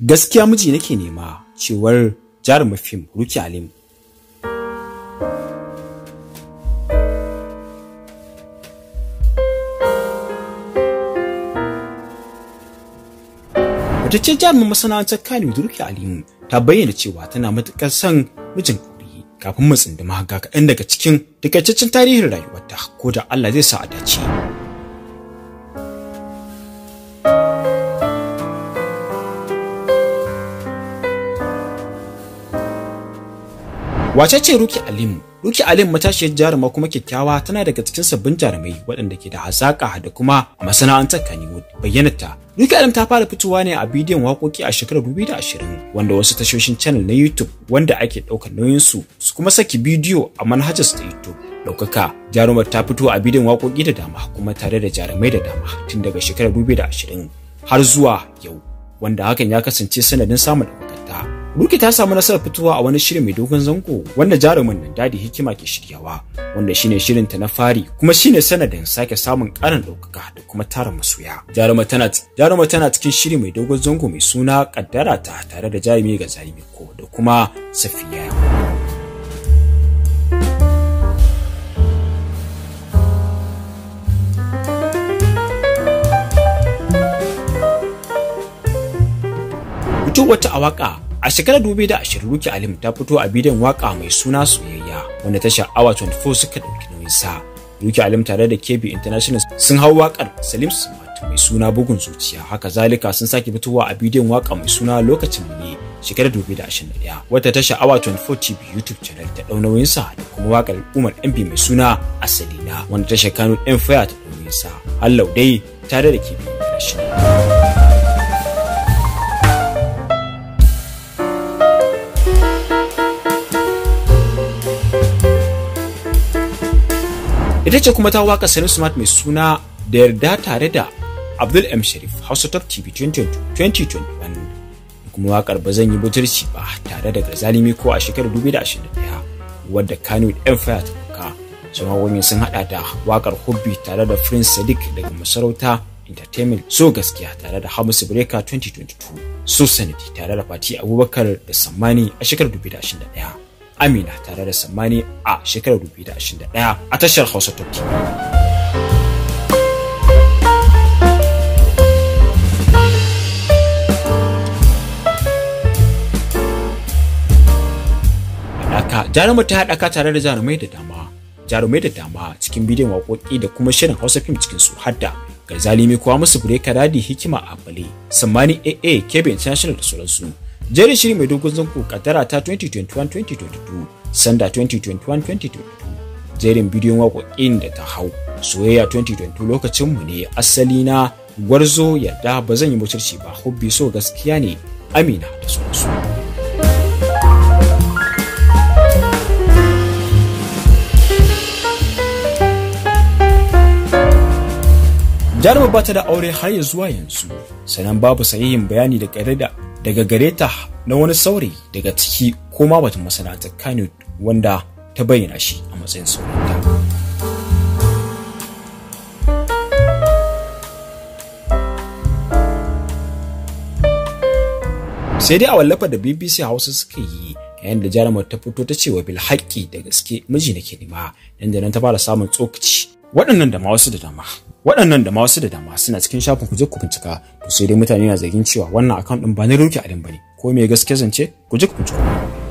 gaskiya miji nake nema cewar jarumin fim ruki alim ce jarumin masana'antar kano Ruki alim ta bayyana cewa tana matuƙar son mijin aure kafin mu tsindima ga kaɗan daga cikin takaitaccen tarihin rayuwarta ko da Allah zai sa a dace. Wace ce Ruki alim Ruki Alim matashiyar jaruma kuma kyakkyawa tana daga cikin sabbin jarumai waɗanda ke da hazaƙa da kuma masana'antar masana'antar bayyana ta? Ruki Alim ta fara fitowa ne a bidiyon waƙoƙi a shekarar 2020 wanda wasu tashoshin channel na YouTube wanda ake ɗaukar nauyinsu su kuma saki bidiyo a manhajar su YouTube. ɗaukaka jarumar ta fito a bidiyon waƙoƙi da dama kuma tare da jarumai da dama tun daga shekarar 2020 har zuwa yau wanda hakan ya kasance sanadin samun Burki ta samu nasarar fitowa a wani shirin mai dogon zango wanda jarumin nan dadi hikima ke shiryawa wanda shine shirin ta na fari kuma shine sanadin sake samun karin ɗaukaka da kuma tara masoya. Jaruma tana jaruma tana cikin shiri mai dogon zango mai suna kaddara ta tare da jarumi ga zarimi ko da kuma safiya. Fito wata awaka A shekarar 2020 Ruki Alim ta fito a bidiyon waka mai suna soyayya wanda ta sha'awa 24 suka ɗauki nauyin sa. Ruki Alim tare da KB International sun hau wakar Salim Sumatu mai suna bugun zuciya haka zalika sun sake fitowa a bidiyon waka mai suna lokacin ne shekarar 2021 wata ta sha'awa 24 TV YouTube channel ta ɗau nauyin sa da kuma wakar Umar MB mai suna Asalina wanda ta Kano ɗan faya ta nauyin sa. Allah dai tare da KB International. ita ce kuma ta waka sanin smart mai suna da yarda tare da abdul m sharif hausa top tv 2021 kuma wakar ba zan yi butulci ba tare da zalimi ko a shekarar 2021 wadda kano yan faya ta buka sun sun hada da wakar hobby tare da prince sadiq daga masarauta entertainment so gaskiya tare da hamisu breaker 2022 so sanadi tare da fati abubakar da sammani a shekarar 2021 Amina tare da Sammani a shekarar 2021 a tashar Hausa Talk. haɗaka jarumar ta haɗaka tare da jarumai da dama jarumai da dama cikin bidiyon waƙoƙi da kuma shirin hausa fim cikin su hadda ga mai kuwa musu bureka radi hikima a bale sammani aa kebe international da sauransu jerin shiri mai dogon zango kaddara ta 2021-2022 sanda 2021-2022 jerin bidiyon waƙoƙin da ta hau soyayya 2022 lokacinmu ne asali na gwarzo yadda ba zan yi mutunci ba hobbi so gaskiya ne amina da sauransu. jarumar ba ta da aure har ya zuwa yanzu sannan babu sahihin bayani da ƙare da daga gareta na wani sauri daga ciki ko ma batun masana'antar Kano wanda ta bayyana shi a matsayin saurayinta. Sai dai a wallafa da BBC Hausa suka yi yayin da jarumar ta fito ta ce wa bil da gaske miji nake nema nan da nan ta fara samun tsokaci waɗannan da ma wasu da dama waɗannan da masu da dama suna cikin shafin ku ku bincika to sai dai mutane na zargin cewa wannan account din ba na ruki a bane ko me gaske zance ku je ku bincika